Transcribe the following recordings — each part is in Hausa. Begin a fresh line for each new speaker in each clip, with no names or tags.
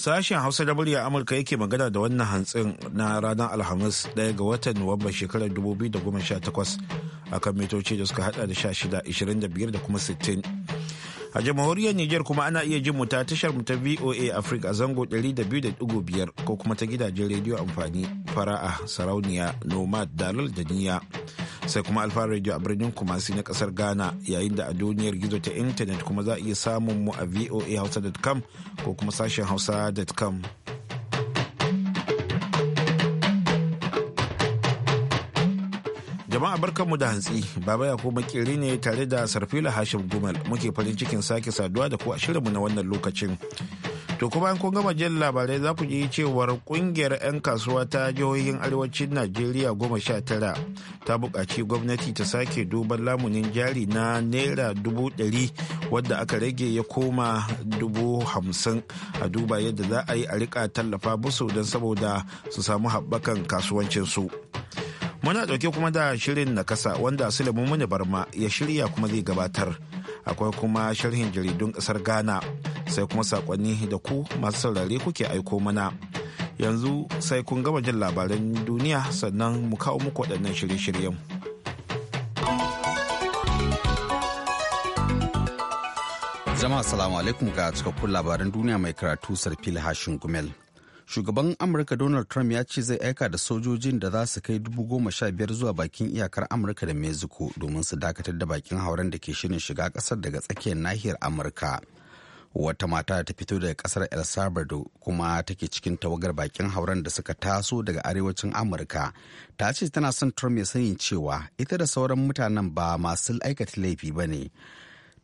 Sashen Hausa da murya Amurka yake magana da wannan hantsin na ranar Alhamis ɗaya ga watan Nuwamba shekarar 2018 kan mitoci da suka hada da 1625 da kuma 60. A jamhuriyar Nijar kuma ana iya jin mu ta tashar mu ta VOA Africa a zango 200.5 ko kuma ta gidajen rediyo amfani fara'a sarauniya nomad dalal da niyya. sai kuma alfahar radio a birnin kumasi na kasar ghana yayin da a duniyar gizo ta intanet kuma za a iya samun mu a voa voahausa.com ko kuma sashen hausa.com jama'a barkanmu da hantsi baba ya kuma kiri ne tare da sarfila hashim gumal muke farin cikin sake saduwa da ku a shirinmu na wannan lokacin To kuma an kun gama jin labarai za ku ji cewar kungiyar 'yan kasuwa ta jihohin arewacin Najeriya goma sha tara ta buƙaci gwamnati ta sake duban lamunin jari na naira dubu ɗari wadda aka rage ya koma dubu hamsin a duba yadda za a yi a rika tallafa musu don saboda su samu haɓakan kasuwancinsu. Muna ɗauke kuma da shirin na kasa wanda Sulemu Muni Barma ya shirya kuma zai gabatar. Akwai kuma sharhin jaridun ƙasar Ghana. sai kuma sakonni da ku masu saurare kuke aiko mana yanzu sai kun gama jin labaran
duniya sannan mu kawo muku waɗannan shirye-shiryen jama'a salamu alaikum ga cikakkun labaran duniya mai karatu sarfil hashin gumel shugaban amurka donald trump ya ce zai aika da sojojin da za su kai dubu goma sha biyar zuwa bakin iyakar amurka da mexico domin su dakatar da bakin hauren da ke shirin shiga kasar daga tsakiyar nahiyar amurka wata mata ta fito daga kasar el salvador kuma take cikin tawagar bakin hauren da suka taso daga arewacin amurka ta ce tana son trump ya sani cewa ita da sauran mutanen ba masu aikata laifi ba ne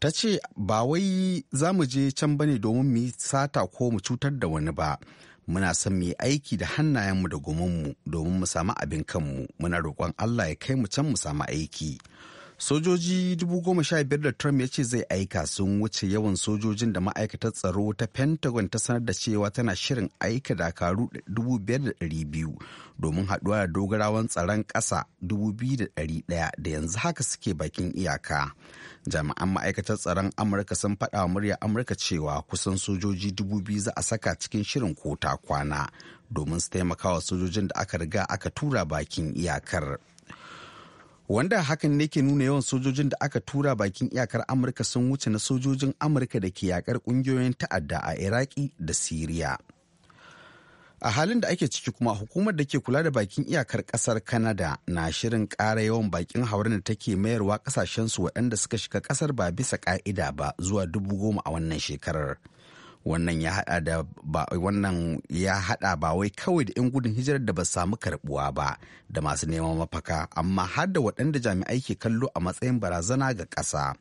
ta ce ba wai za mu je can ba ne domin mu sata ko mu cutar da wani ba muna son mu yi aiki da hannayenmu da gumanmu domin mu samu abin kanmu muna roƙon allah ya kai mu can mu samu aiki. sojoji 15,000 da trump ya ce zai aika sun wuce yawan sojojin da ma'aikatar tsaro ta pentagon ta sanar da cewa tana shirin aika dakaru 5,200 domin haɗuwa da dogarawan tsaron ƙasa 2,100 da yanzu haka suke bakin iyaka jami'an ma'aikatar tsaron amurka sun faɗa wa murya amurka cewa kusan sojoji 2,000 za a saka cikin shirin kota kwana domin su taimaka wa sojojin da aka riga aka tura bakin iyakar. wanda hakan ne ke nuna yawan sojojin da aka tura bakin iyakar amurka sun wuce na sojojin amurka da ke yakar kungiyoyin ta'adda a iraki da siriya a halin da ake ciki kuma hukumar da ke kula da bakin iyakar kasar Kanada na shirin ƙara yawan bakin hauren da take mayarwa kasashensu waɗanda suka shiga kasar ba bisa ƙa'ida ba zuwa dubu goma a wannan shekarar wannan ya hada da ba wannan ya hada ba wai kawai da 'yan gudun hijirar da ba samu karbuwa ba da masu neman mafaka amma har da waɗanda jami'ai ke kallo a matsayin barazana ga ƙasa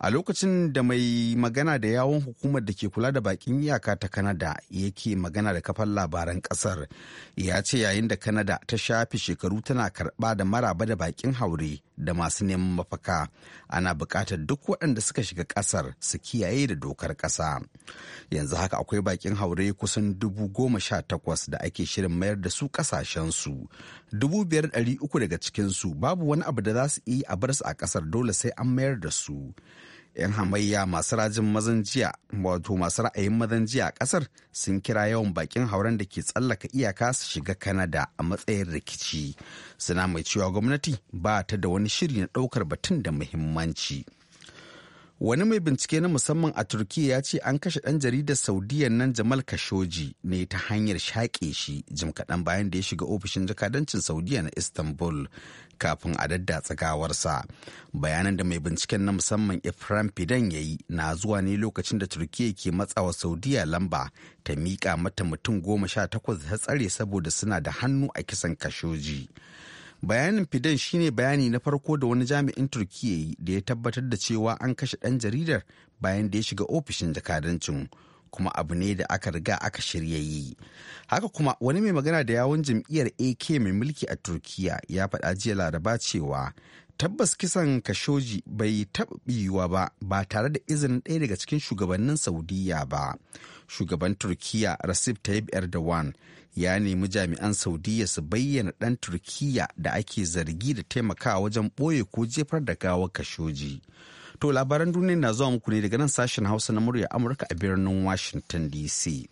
a lokacin da mai magana da yawon hukumar da ke kula da bakin iyaka ta kanada yake magana da kafan labaran kasar ya ce yayin da kanada ta shafi shekaru tana karba da maraba da bakin haure da masu neman mafaka ana buƙatar duk waɗanda suka shiga ƙasar su kiyaye da dokar ƙasa yanzu haka akwai bakin haure kusan dubu goma sha takwas da ake shirin mayar da su ƙasashensu dubu biyar ɗari uku daga cikinsu babu wani abu da za su yi a bar su a ƙasar dole sai an mayar da su 'yan hamayya masu rajin mazan jiya wato masu ra'ayin mazan jiya a kasar sun kira yawan bakin hauren da ke tsallaka iyaka su shiga kanada a matsayin rikici suna mai cewa gwamnati ba ta da wani shiri na ɗaukar batun da muhimmanci. wani mai bincike na musamman a Turkiyya ya ce an kashe ɗan jaridar saudiya nan jamal kashoji ne ta hanyar shaƙe shi jim kaɗan bayan da ya shiga ofishin jakadancin Saudiyya na istanbul kafin a daddatsa gawarsa bayanan da mai binciken na musamman ifran fidan ya yi na zuwa ne lokacin da Turkiyya ke matsawa Saudiyya lamba ta miƙa mata mutum goma sha takwas ta tsare saboda suna da hannu a kisan kashoji. bayanin fidan shine bayani na farko da wani jami'in turkiya da ya tabbatar da cewa an kashe ɗan jaridar bayan da ya shiga ofishin jakadancin kuma abu ne da aka riga aka shirya yi haka kuma wani mai magana da yawon jam'iyyar ak mai mulki a turkiya ya faɗa jiya laraba cewa tabbas kisan kashoji bai taɓa biyuwa ba ba tare da izinin ɗaya daga cikin shugabannin saudiya ba shugaban turkiya recep tayyip erdogan ya nemi jami'an saudiya su bayyana ɗan turkiyya da ake zargi da taimakawa wajen ɓoye ko jefar da gawar kashoji to labaran duniya na zuwa muku ne daga nan sashen hausa na murya amurka a birnin washington dc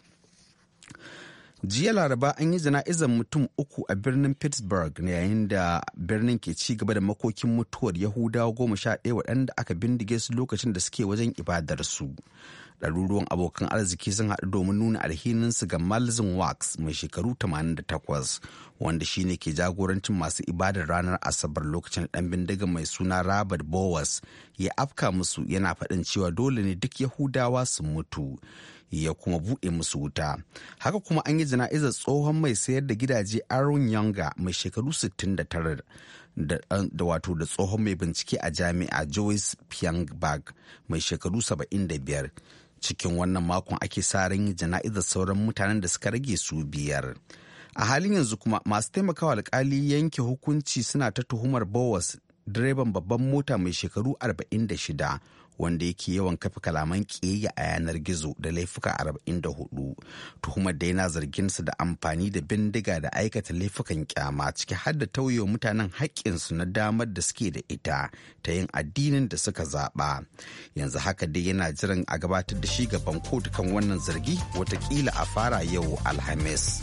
jiya laraba an yi jana'izar mutum uku a birnin pittsburgh yayin da birnin ke ci gaba da makokin mutuwar yahudawa goma sha ɗaya waɗanda aka bindige su lokacin da suke wajen ibadarsu ɗaruruwan abokan arziki sun haɗu domin nuna alhininsu ga malzin wax mai shekaru 88 wanda shine ke jagorancin masu ibadar ranar asabar lokacin ɗan bindiga mai suna robert bowers ya afka musu yana faɗin cewa dole ne duk yahudawa su mutu ya kuma buɗe musu wuta haka kuma an yi jana'izar tsohon mai sayar da gidaje aaron yanga mai shekaru 69 da wato da tsohon mai bincike a jami'a joyce pyongyang mai shekaru 75 cikin wannan makon ake sa ran jana'izar sauran mutanen da suka rage su biyar a halin yanzu kuma masu taimakawa alkali yanke hukunci suna ta tuhumar bowas direban babban mota mai shekaru 46 wanda yake yawan kafa kalaman ƙiyayya a yanar gizo da laifuka 44 tuhumar da yana su da amfani da bindiga da aikata laifukan kyama ciki har da tauye mutanen haƙƙinsu na damar da suke da ita ta yin addinin da suka zaɓa yanzu haka dai yana jiran a gabatar da shi gaban kotu kan wannan zargi watakila a fara yau alhamis.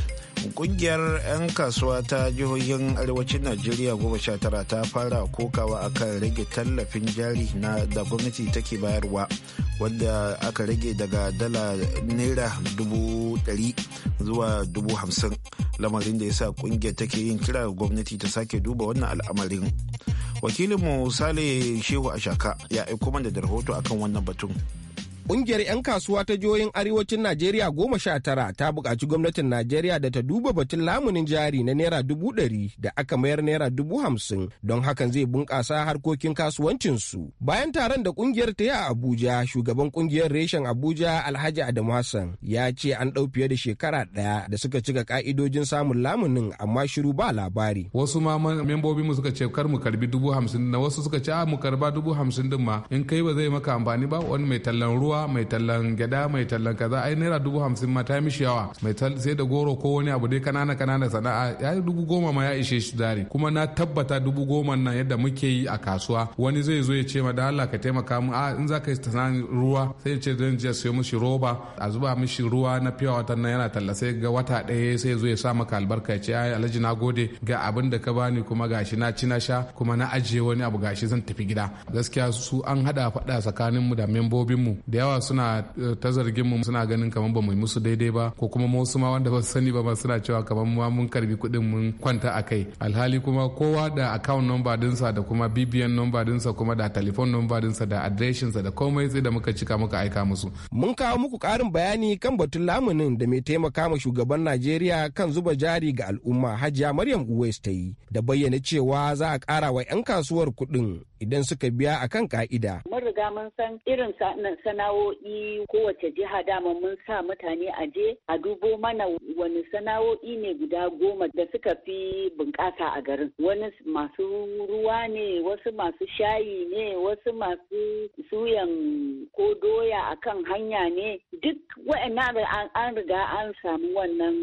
kungiyar 'yan kasuwa ta jihohin arewacin najeriya goma sha tara ta fara kokawa akan rage tallafin jari na da gwamnati take bayarwa wanda aka rage daga dala naira dubu dari zuwa dubu hamsin lamarin da ya sa kungiyar take yin kira gwamnati ta sake duba wannan al'amarin wakilinmu sale shehu ashaka ya aiko mana da rahoto akan wannan batun
Ƙungiyar 'yan kasuwa ta jihohin arewacin Najeriya goma sha tara ta buƙaci gwamnatin Najeriya da ta duba batun lamunin jari na naira dubu ɗari da aka mayar naira dubu hamsin don hakan zai bunƙasa harkokin kasuwancinsu. Bayan taron da ƙungiyar ta yi a Abuja, shugaban ƙungiyar reshen Abuja Alhaji Adamu Hassan ya ce an ɗau fiye da shekara ɗaya da suka cika ƙa'idojin samun lamunin amma shiru ba labari. Wasu
ma membobin mu suka ce kar mu karbi dubu hamsin na wasu suka ce a mu karba dubu hamsin din ma in kai ba zai maka amfani ba wani mai tallan ruwa ruwa mai tallan gyada mai tallan kaza ai naira dubu hamsin ma ta mishi yawa mai sai da goro ko wani abu dai kanana kanana sana'a ya dubu goma ma ya ishe shi dare kuma na tabbata dubu goma nan yadda muke yi a kasuwa wani zai zo ya ce ma da Allah ka taimaka mu a in za ka yi sanan ruwa sai ya ce zan je sayo mishi roba a zuba mishi ruwa na fiya watan nan yana talla sai ga wata ɗaya sai zo ya sa maka albarka ce ai alhaji na gode ga abin da ka bani kuma gashi na ci na sha kuma na ajiye wani abu gashi zan tafi gida gaskiya su an hada faɗa tsakanin mu da membobin mu da yawa suna eh, ta zargin mu suna ganin kamar ba mu musu daidai ba ko kuma wasu ma wanda ba su sani ba ma suna cewa kamar ma mun karbi kuɗin mun kwanta a kai alhali kuma kowa da account number dinsa da kuma bbn number dinsa kuma da telephone number dinsa da sa da komai sai da muka cika muka aika musu
mun kawo muku ƙarin bayani kan batun lamunin da mai taimaka ma shugaban najeriya kan zuba jari ga al'umma hajiya maryam uwais ta yi da bayyana cewa za a ƙara wa 'yan kasuwar kuɗin idan suka biya a kan ka'ida.
Mun riga mun san irin sana'o'i kowace jiha dama mun sa mutane a je a dubo mana wani sana'o'i ne guda goma da suka fi bunƙasa a garin. Wani masu ruwa ne, wasu masu shayi ne, wasu masu suyan ko doya a kan hanya ne. Duk wa'annan an riga an samu wannan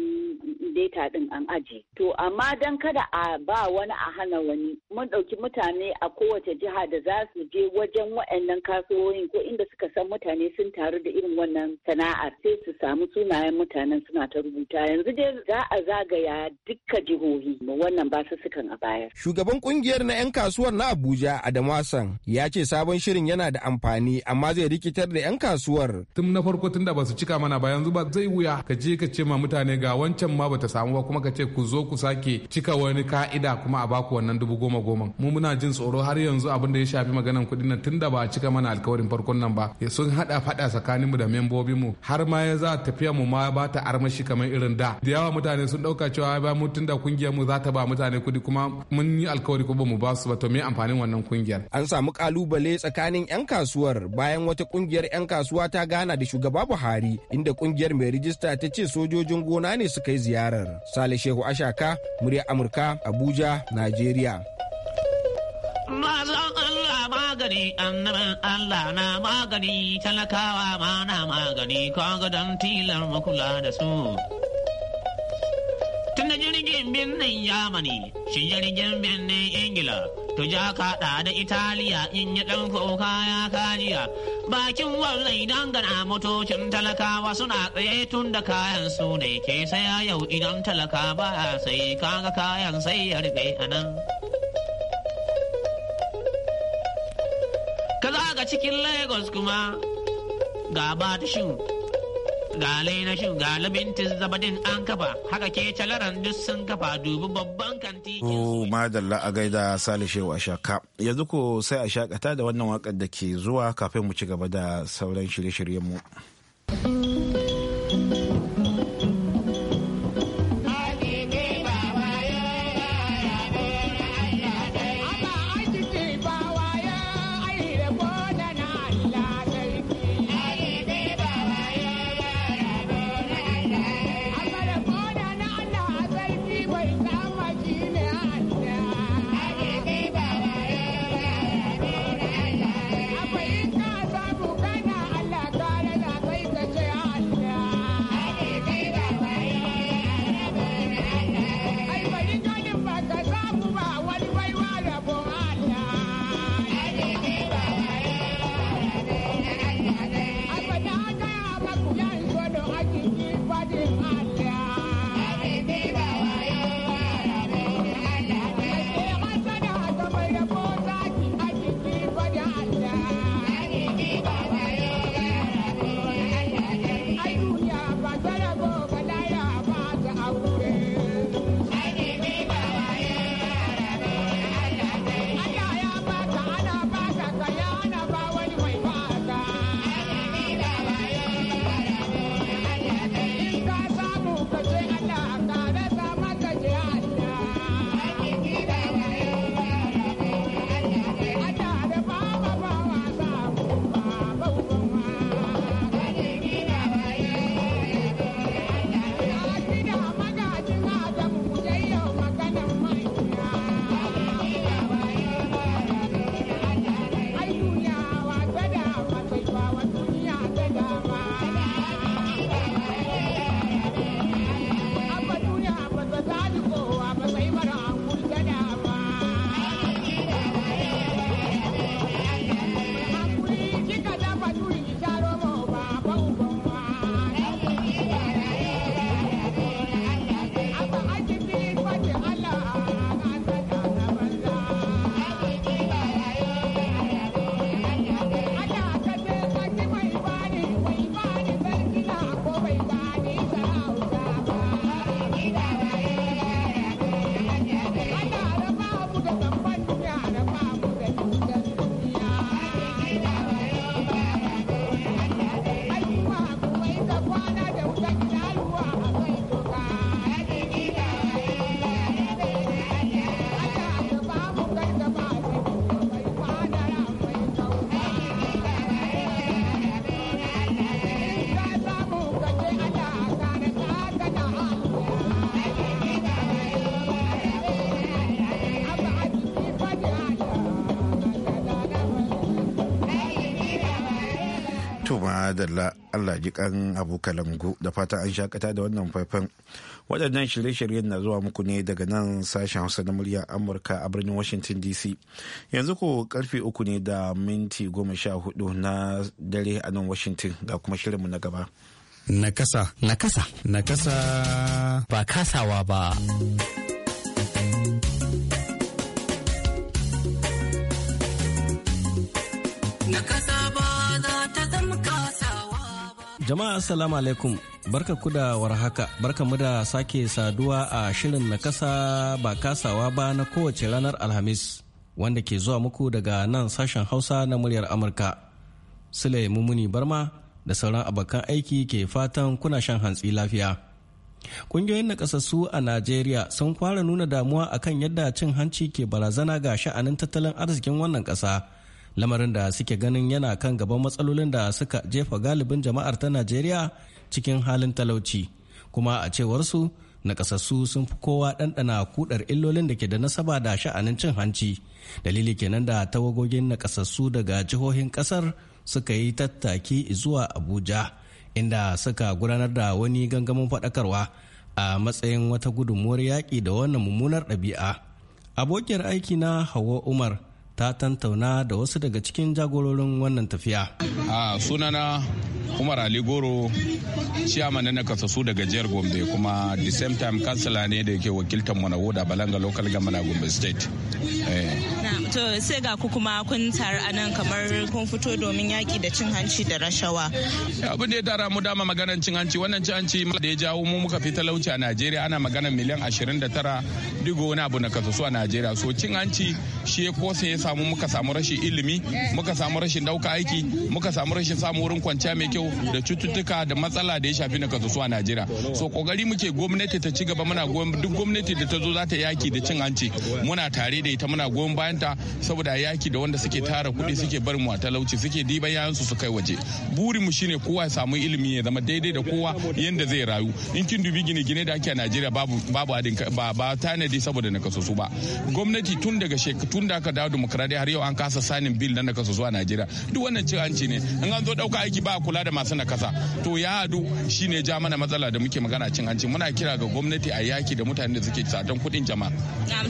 data ɗin an aji. To amma don kada a ba wani a hana wani mun ɗauki mutane a kowace jiha jiha da za su je wajen waɗannan kasuwoyin ko inda suka san mutane sun taru da irin wannan sana'ar sai su samu sunayen mutanen suna ta rubuta yanzu dai za a zagaya dukka jihohi wannan ba su sukan a baya
Shugaban kungiyar na 'yan kasuwar na Abuja Adamu Hassan ya ce sabon shirin yana da
amfani amma zai rikitar da 'yan kasuwar. Tun na farko tun da ba su cika mana ba yanzu ba zai wuya ka je ka ce ma mutane ga wancan ma bata samu ba kuma ka ce ku zo ku sake cika wani ka'ida kuma a baku wannan dubu goma goma. Mu muna jin tsoro har yanzu a abin da ya shafi maganan kuɗin nan tunda ba a cika mana alkawarin farkon nan ba ya sun hada fada tsakaninmu da membobinmu har ma ya za tafiya mu ma ba ta armashi kamar irin da da yawa mutane sun dauka cewa ba mu tunda kungiyar mu za ta ba mutane kuɗi kuma mun yi alkawari ko ba mu ba su ba to me amfanin wannan kungiyar
an samu kalubale tsakanin yan kasuwar bayan wata kungiyar yan kasuwa ta gana da shugaba Buhari inda kungiyar mai rijista ta ce sojojin gona ne suka yi ziyarar Sale Shehu Ashaka murya Amurka Abuja nigeria.
Mazan Allah magani, annabin Allah na magani, talakawa ma na magani, kaga don tilar makula da su. Tun da jirgin birnin Yamani, shi jirgin birnin Ingila, tuja kaɗa da Italiya in yi ɗan kuka kajiya. Bakin wannan idan gana motocin talakawa suna tsaye tun da kayan su ne ke saya yau idan talaka ba sai kaga kayan sai ya rufe a nan. cikin lagos kuma ga batishin ga lainashin ga labintin zabadin an kafa haka ke calaran duk sun kafa dubi babban
kanti ke. Oh, madalla a gaida salishe a shaka yanzu ko sai a shakata da wannan wakar da ke zuwa kafin mu ci gaba da sauran shirye shiryen mu madalla Allah ji kan Kalangu da fata an shakata da wannan faifan waɗannan shirye-shiryen na zuwa muku ne daga nan sashen hausa na muryar amurka a birnin washington dc yanzu ko karfe uku ne da minti goma sha hudu na dare a nan washington ga kuma shirinmu na gaba
nakasa nakasa
nakasa ba kasawa ba
nakasa
Jama'a assalamu alaikum barka ku da warhaka barka mu da sake saduwa a shirin na kasa ba kasawa ba na kowace ranar Alhamis wanda ke zuwa muku daga nan sashen Hausa na muryar Amurka. Sule Mumuni Barma da sauran abokan aiki ke fatan kuna shan hantsi lafiya. Kungiyoyin nakasassu a Najeriya sun fara nuna damuwa akan yadda cin hanci ke barazana ga sha'anin tattalin arzikin wannan ƙasa lamarin da suke ganin yana kan gaban matsalolin da suka jefa galibin jama'ar ta najeriya cikin halin talauci kuma a cewarsu nakasassu sun fi kowa ɗanɗana kudar illolin da ke da nasaba da sha'anin cin hanci dalili kenan da tawagogin nakasassu daga jihohin ƙasar suka yi tattaki zuwa abuja inda suka gudanar da wani gangamin faɗakarwa a matsayin wata gudunmuwar yaƙi da wannan mummunar ɗabi'a abokiyar aiki na hawa umar ta tantauna da wasu daga cikin jagororin wannan tafiya.
A sunana Umar Ali Goro ciyaman na kasasu daga jihar Gombe kuma the same time kansala ne da yake wakiltar mu na Woda Balanga local government Gombe state.
Eh. To sai ga ku kuma kun taru a nan kamar kun fito domin yaki da cin hanci da rashawa.
Abin da ya tara mu dama maganar cin hanci wannan cin hanci da ya jawo mu muka fi talauci a Najeriya ana maganar miliyan 29 digo wani abu na kasasu a Najeriya so cin hanci shi ya kosa ya samu muka samu rashin ilimi muka samu rashin dauka aiki muka samu rashin samu wurin kwanciya mai kyau da cututtuka da matsala da ya shafi na kasusuwa Najeriya so kokari muke gwamnati ta ci gaba muna goyon duk gwamnati da ta zo za ta yaki da cin hanci muna tare da ita muna goyon bayan ta saboda yaki da wanda suke tara kuɗi suke barin mu a talauci suke diban yayan su su kai waje burin mu shine kowa ya samu ilimi ya zama daidai da kowa yanda zai rayu in kin dubi gine-gine da ake a Najeriya babu babu adin ba ba tanadi saboda na kasusu ba gwamnati tun daga tun da aka dawo takara dai har yau an kasa sanin bil na nakasa zuwa najeriya duk wannan cin hanci ne in an zo dauka aiki ba kula da masu nakasa to ya hadu shine ja mana matsala da muke magana cin hanci muna kira ga gwamnati a yaki da mutane da suke tsadan kuɗin jama'a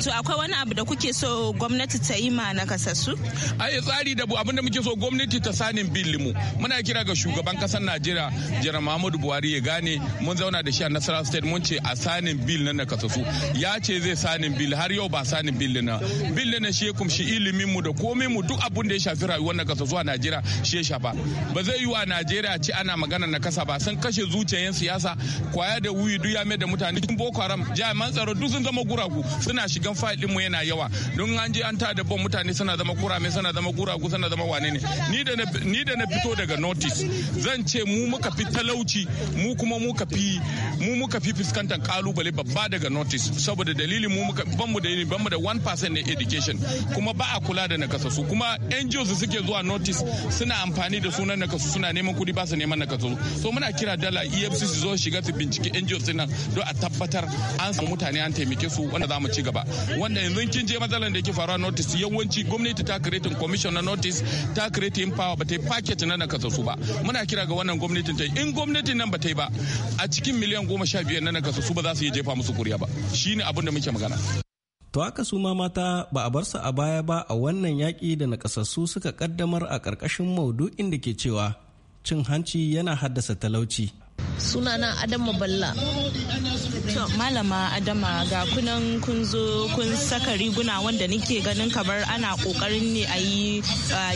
to akwai wani abu da kuke so gwamnati ta yi ma nakasassu
ai tsari da abin da muke so gwamnati ta sanin bil mu muna kira ga shugaban kasar najeriya jiran muhammadu buhari ya gane mun zauna da shi a Nasarawa state mun ce a sanin bil na nakasassu ya ce zai sanin bil har yau ba sanin bil na bil na shi kuma kumshi ilimi ilimin mu da komai mu duk abun da ya shafi rayuwar na kasa zuwa Najeriya shi ya shafa ba zai yi a Najeriya ce ana magana na kasa ba sun kashe zuciyayen siyasa kwaya da wuyi duk ya da mutane cikin Boko Haram jami'an tsaro duk sun zama guragu suna shigan fayil mu yana yawa don an je an ta da bom mutane suna zama kurame suna zama guragu suna zama wane ne ni da na fito daga notice zan ce mu muka fi talauci mu kuma muka fi mu muka fi fuskantar kalubale babba daga notice saboda dalilin mu muka ban mu da ban mu da 1% ne education kuma ba a kula da nakasassu kuma NGOs suke zuwa notice suna amfani da sunan nakasassu suna neman kudi ba su neman nakasassu so muna kira dala EFCC su zo shiga su bincike NGOs din nan don a tabbatar an samu mutane an taimake su wanda za mu ci gaba wanda yanzu kin je matsalar da yake faruwa notice yawanci gwamnati ta creating commission na notice ta in power ba ta yi packet na nakasassu ba muna kira ga wannan gwamnatin ta in gwamnatin nan ba ta yi ba a cikin miliyan goma sha biyar na nakasassu ba za su yi jefa musu kuriya ba shine abin da muke magana
To haka su ma mata ba a bar su a baya ba a wannan yaƙi da nakasassu suka kaddamar a ƙarƙashin maudu'in da ke cewa cin hanci yana haddasa talauci.
sunana adama balla to malama adama ga kunan kun zo kun saka riguna wanda nike ganin kamar ana kokarin ne a yi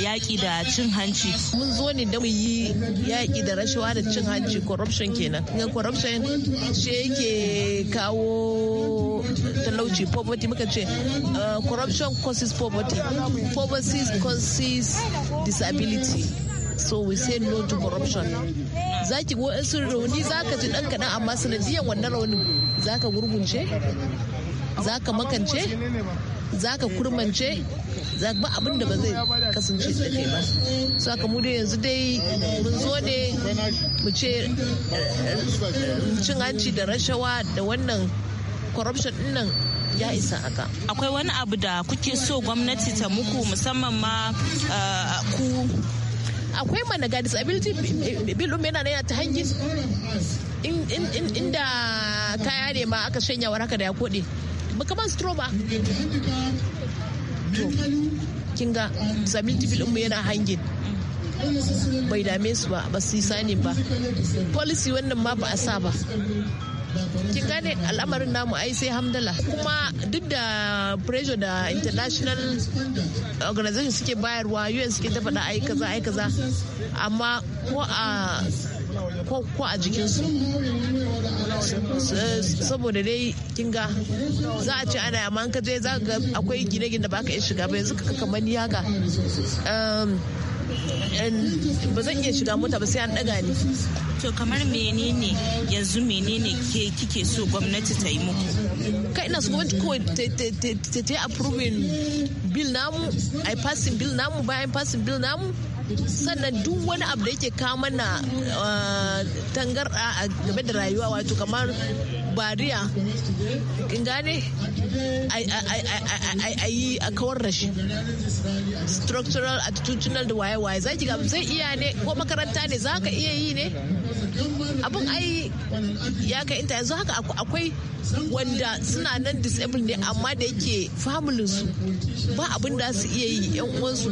yaki da cin hanci mun zo ne da mu yi yaki da rashawa da cin hanci corruption kenan ga corruption shi yake kawo talauci poverty muka ce uh, corruption causes poverty poverty causes disability so we say no to corruption za ki go sun rauni za ka ji dan kaɗan amma sanadiyan wannan raunin za ka gurgunce za ka makance za ka kurmance ba abin da ba zai kasance da kai ba su aka mu dai yanzu dai mun zo ne mu ce eh, cin hanci da rashawa da wannan corruption din nan ya isa haka akwai wani abu da kuke so gwamnati ta muku musamman ma eh, ku akwai mana ga disability bill ɗin yana yana ta hangi inda kaya ne ma aka shanya war haka da ya koɗe ba kaman stro ba to kin ga disability bill ɗin yana hangin bai dame su ba ba su yi sani ba policy wannan ma ba a sa ba kin gane al'amarin namu ai sai hamdala kuma duk da pressure da international organization suke bayarwa un suke ta faɗa ai kaza ai kaza amma ko a ko a jikinsu saboda dai kinga za a ce ana amma ka je za ga akwai gine-gine da baka iya shiga ba yanzu kamar ni haka um, ba zan iya shiga mota ba sai an daga ni to kamar menene yanzu menene ke kike so gwamnati ta yi muku kai ina so gwamnati kawai ta ta approving bill namu ai passing bill namu bayan passing bill namu sannan duk wani abu da yake kama na uh, tangarɗa a game da rayuwa wato kamar bariya in gane a yi a kawar da shi structural attitudinal da waye-waye za ki zai iya ne ko makaranta ne za ka iya yi ne abin ai ya ka inta yanzu haka akwai wanda suna nan disabled ne amma da yake familin su ba abin da su iya yi yan uwansu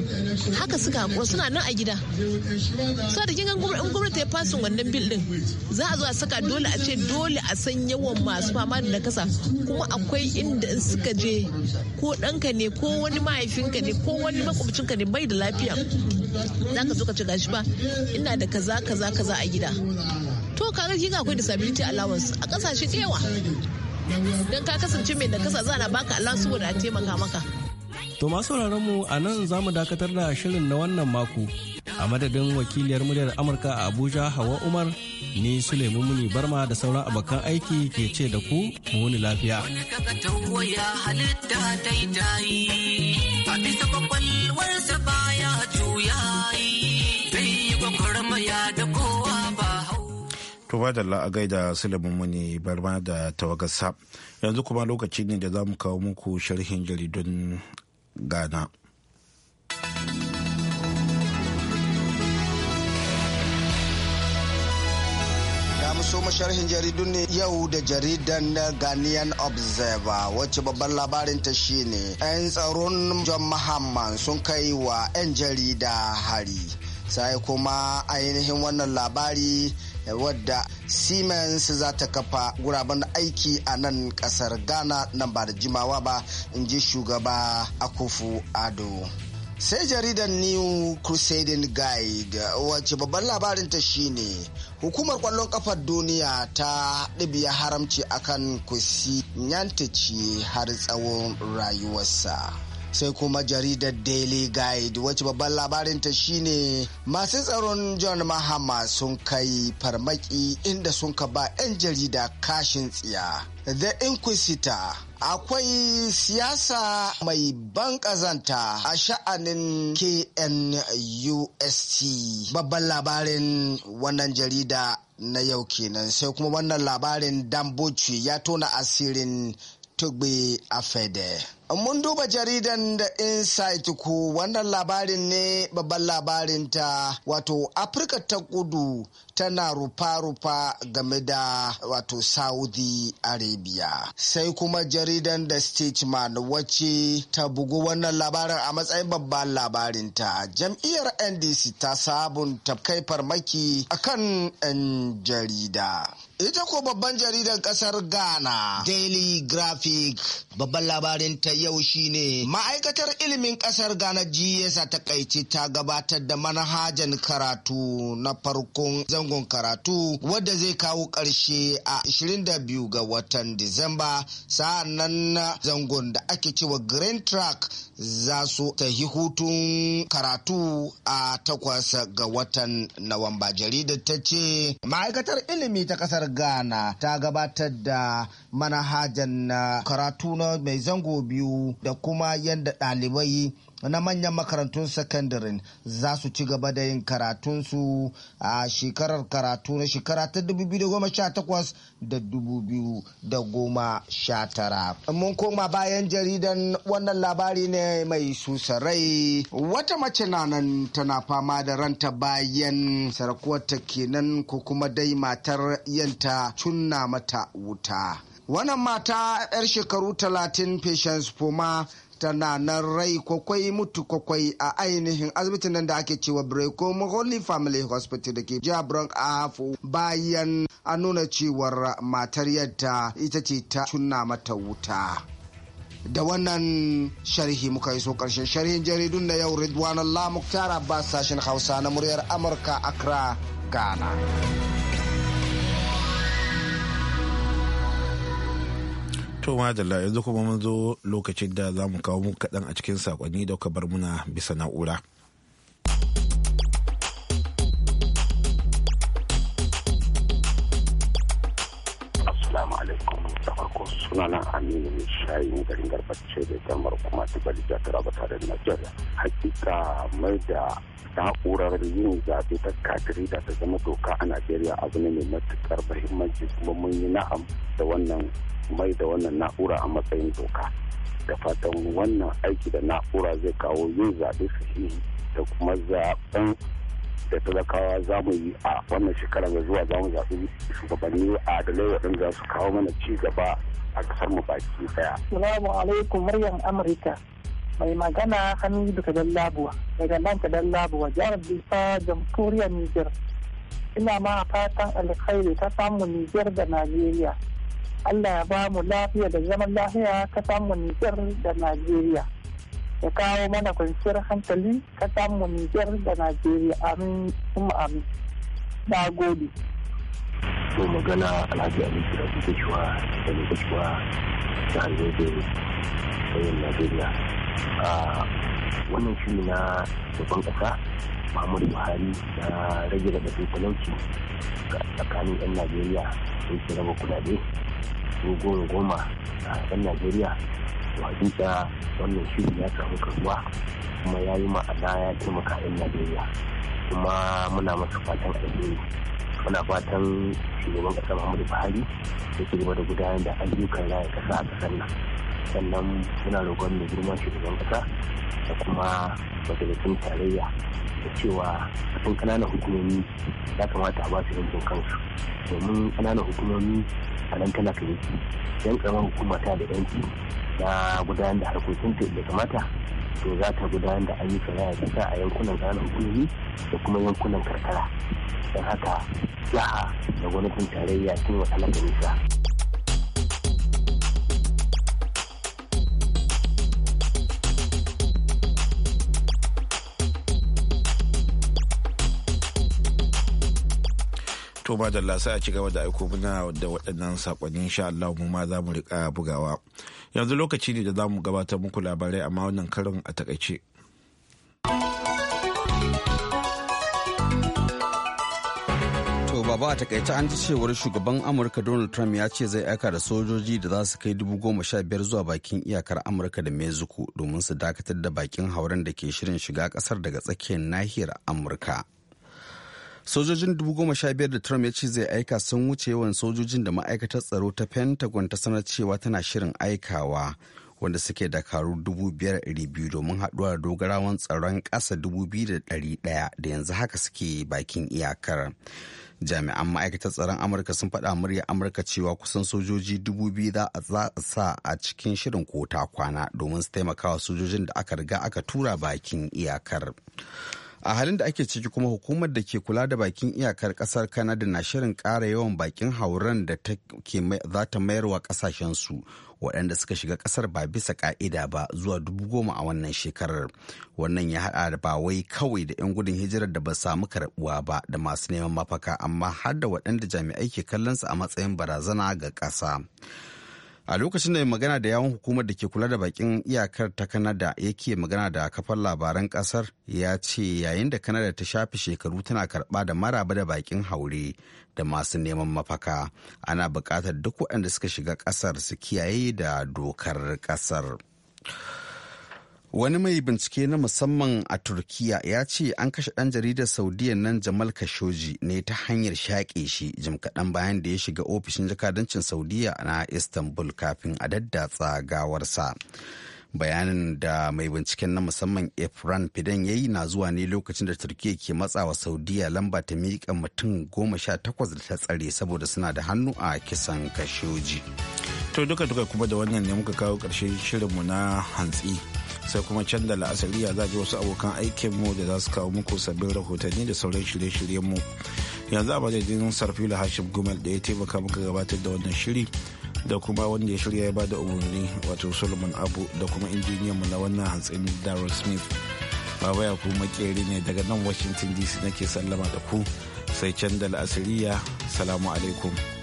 haka suka hakura suna nan a gida so da kin ga gwamnati ya fasin wannan bil din za a zo a saka dole a ce dole a san yawan yawan masu fama da nakasa kuma akwai inda suka je ko ɗanka ne ko wani mahaifinka ne ko wani makwabcinka ne bai da lafiya za ka zo ka ce gashi ba ina da kaza kaza kaza a gida to kaga kika akwai disability allowance a kasashe da yawa don ka kasance mai nakasa za na baka allowance saboda a taimaka maka
to masu mu a nan za mu dakatar da shirin na wannan mako a madadin wakiliyar muryar amurka a abuja hawa umar ni suleiman muni barma da sauran abokan aiki ke ce da ku muni lafiya
tuba da la'a da silimin muni barma da tawagarsa yanzu kuma lokaci ne da za mu kawo muku sharhin jaridun
gana. so masharhin jaridun ne yau da jaridan Ghanaian Observer wacce babban labarin ta shine 'yan tsaron John Muhammad sun kai wa 'yan jarida hari. Sai kuma ainihin wannan labari wadda siemens za ta kafa guraben aiki a nan kasar ghana nan ba da jimawa ba in ji shugaba akufu ado sai jaridar new crusading guide wacce babban labarinta shine hukumar kwallon kafar duniya ta ɗibiya haramci akan kusi nyantaci har tsawon rayuwarsa sai kuma jaridar daily guide wacce babban labarinta shine masu tsaron john mahama sun kai farmaki inda sun ka ba 'yan jarida kashin tsiya the inquisitor akwai siyasa mai ban kazanta a sha'anin knust babban labarin wannan jarida na yau kenan sai kuma wannan labarin dambuci ya tona asirin tugbe a fede mun duba jaridan da insight ku wannan labarin ne babban labarin ta wato afirka ta kudu tana rufa-rufa game da wato saudi arabia sai kuma jaridan da statesman wacce ta bugu wannan labarin a matsayin babban labarin ta jam'iyyar ndc ta sabunta kai farmaki akan 'yan jarida Ita ko babban jaridar kasar Ghana, Daily Graphic, babban labarin ta yau shine ma'aikatar ilimin kasar Ghana GS ta takaici ta gabatar da manhajan karatu na farkon zangon karatu wadda zai kawo ƙarshe a 22 ga watan Disamba sa'annan zangon da ake cewa Green Track za su tafi hutun karatu a takwas ga watan Nawamba. Jaridar ta ce ma'aikatar ilimi ta kasar Ghana ta gabatar da manhajan uh, karatu na mai zango biyu da kuma yadda ɗalibai na manyan makarantun sakandaren za su ci gaba da yin karatunsu a shekarar karatu na shekara ta 2018 da 2019. Mun koma bayan jaridan wannan labari ne mai susarai wata mace na nan tana fama da ranta bayan sarakuwarta kenan ko kuma dai matar yanta cunna mata wuta. Wannan mata 'yar shekaru 30 Patience Poma tana nan rai kwakwai mutu kwakwai a ainihin asibitin nan da ake cewa Breko Holy Family Hospital da ke jihar Bronx a hafu bayan an nuna cewar matar yadda ita ce ta tunna mata wuta. Da wannan sharhi muka yi so karshen sharhin jaridun na yau ridwanan lamuk tara ba sashen Hausa na muryar Amurka Accra, Ghana.
To madalla yanzu kuma mun zo lokacin da za mu kawo mu kaɗan a cikin sakonni da bar muna bisa na'ura.
Assalamu
alaikum da farko sunana Aminu mai shayin garin garbace da jamar kuma tibali da taraba tare da Najeriya. Hakika mai da na'urar yin zaɓe ta katiri da ta zama doka a Najeriya abu ne mai matuƙar muhimmanci kuma mun yi na'am da wannan mai da wannan na'ura a matsayin doka da fatan wannan aiki da na'ura zai kawo yin zaɓe sahihi da kuma zaɓen da talakawa za mu yi a wannan shekara mai zuwa za mu zaɓi shugabanni a dalai waɗanda za su kawo mana ci gaba a kasar mu baki daya.
Salamu alaikum muryan Amurka. Mai magana Hamidu Kadan Labuwa daga nan Kadan Labuwa jihar Bisa jamhuriyar
Nijar. Ina ma fatan alkhairi ta samu Nijar da Najeriya. Allah ya ba mu lafiya da zaman lafiya ka samu Nijar da Najeriya. Ya kawo mana kwanciyar hankali ka samu Nijar da Najeriya amin
kuma amin. Na gode. Ko magana Alhaji Amin da suke cewa da ne cewa da hannun Najeriya. Wannan shiri na babban ƙasa Muhammadu Buhari na rage da talauci tsakanin 'yan Najeriya sun ke raba kudade su goma goma a yan najeriya to da wannan shiri ya samu karuwa kuma ya yi ma'ana ya taimaka yan najeriya kuma muna masa fatan alheri muna fatan shugaban ƙasar muhammadu buhari da ci gaba da gudanar da ayyukan raya kasa a ƙasar nan sannan muna roƙon mai girma shugaban ƙasa da kuma majalisun tarayya da cewa sun ƙananan hukumomi ya kamata a ba su yankin kansu domin ƙananan hukumomi a nan talaka yake yan karamar hukuma ta da yanki na gudanar da harkokin ta da kamata to za ta gudanar da ayyukan yaya kasa a yankunan ƙananan hukumomi da kuma yankunan karkara don haka jiha da gwamnatin tarayya sun wa talaka nisa.
to ba da lasa a ci gaba da aiko muna da waɗannan sakonni insha Allah mu ma za mu rika bugawa yanzu lokaci ne da za mu gabatar muku labarai amma
wannan karin a takaice to baba a takaice an ji cewar shugaban amurka donald trump ya ce zai aika da sojoji da za su kai dubu goma sha biyar zuwa bakin iyakar amurka da mexico domin su dakatar da bakin hauren da ke shirin shiga kasar daga tsakiyar nahiyar amurka sojojin biyar da trump ya ce zai aika sun wuce yawan sojojin da ma'aikatar tsaro ta pentagon ta sanar cewa tana shirin aikawa wanda suke dakaru 5,200 domin haɗuwa da dogarawan tsaron ƙasa 2,100 da yanzu haka suke bakin iyakar jami'an ma'aikatar tsaron amurka sun faɗa murya amurka cewa kusan sojoji 2,000 za a sa a cikin shirin kota kwana domin su taimakawa sojojin da aka riga aka tura bakin iyakar a halin da ake ciki kuma hukumar da ke kula da bakin iyakar kasar kanada na shirin kara yawan bakin hauran da za ta mayar wa su waɗanda suka shiga kasar ba bisa ka'ida ba zuwa dubu goma a wannan shekarar wannan ya haɗa da ba wai kawai da 'yan gudun hijirar da ba samu karɓuwa ba da masu neman mafaka amma har da waɗanda jami'ai ke kallon su a matsayin barazana ga ƙasa a lokacin da mai magana da yawon hukumar da ke kula da bakin iyakar ta kanada yake magana da kafar labaran kasar ya ce yayin da kanada ta shafi shekaru tana karba da maraba da bakin haure da masu neman mafaka ana bukatar duk waɗanda suka shiga ƙasar su kiyaye da dokar ƙasar. wani mai bincike na musamman a turkiya ya ce an kashe ɗan jaridar saudiya nan jamal khashoggi ne ta hanyar shaƙe shi jim kaɗan bayan da ya shiga ofishin jakadancin Saudiyya na istanbul kafin a daddatsa gawarsa bayanin da mai binciken na musamman efran fidan ya yi na zuwa ne lokacin da turkiya ke matsawa Saudiyya lamba ta miƙa mutum goma sha takwas da ta tsare saboda suna da hannu a kisan kashoji to duka duka kuma da wannan ne muka kawo ƙarshen shirinmu na hantsi
sai kuma can da la'asariya za ji wasu abokan mu da za su kawo muku sabbin rahotanni da sauran shirye-shiryenmu yanzu a madadin sarfila hashim gumel da ya taimaka muka gabatar da wannan shiri da kuma wanda ya shirya ya bada umarni wato solomon abu da kuma injiniyan mu na wannan hantsin darren smith baba ya kuma makeri ne daga nan washington dc nake sallama da ku sai can da la'asariya salamu alaikum